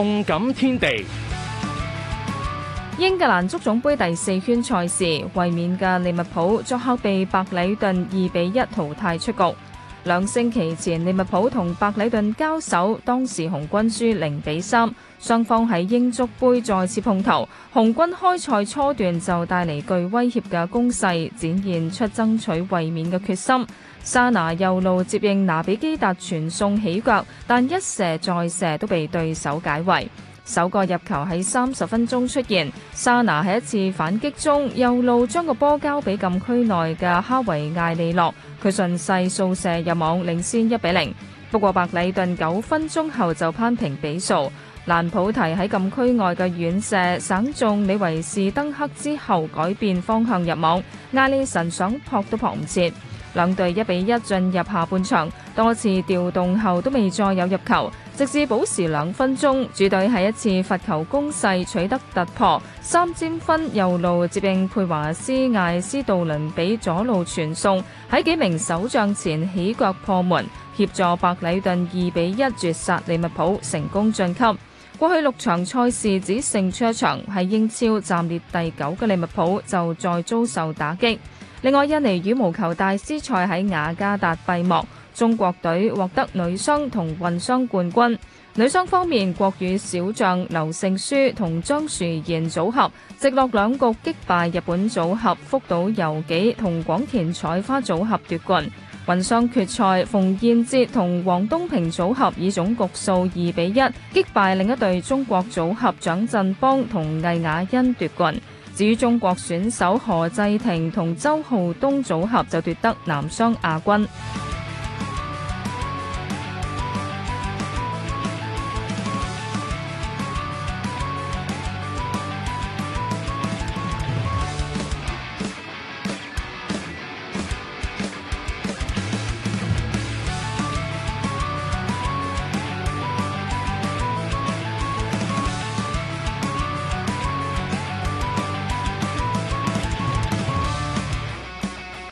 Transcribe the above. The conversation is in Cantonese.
動感天地，英格蘭足總盃第四圈賽事，衛冕嘅利物浦作客被白禮頓二比一淘汰出局。兩星期前利物浦同白禮頓交手，當時紅軍輸零比三。雙方喺英足杯再次碰頭，紅軍開賽初段就帶嚟具威脅嘅攻勢，展現出爭取衛冕嘅決心。沙拿右路接應拿比基達傳送起腳，但一射再射都被對手解圍。首個入球喺兩隊一比一進入下半場，多次調動後都未再有入球，直至補時兩分鐘。主隊喺一次罰球攻勢取得突破，三尖分右路接應佩華斯艾斯杜倫，俾左路傳送喺幾名守將前起腳破門，協助白禮頓二比一絕殺利物浦，成功晉級。過去六場賽事只勝出一場，喺英超暫列第九嘅利物浦就再遭受打擊。另外，印尼羽毛球大師賽喺雅加達閉幕，中國隊獲得女雙同混雙冠軍。女雙方面，國羽小將、劉聖書同張殊賢組合，直落兩局擊敗日本組合福島由紀同廣田彩花組合奪冠。混雙決賽，馮彥哲同黃東萍組合，以總局數二比一，擊敗另一對中國組合蔣振邦同魏雅欣奪冠。至於中國選手何濟霆同周浩東組合就奪得男雙亞軍。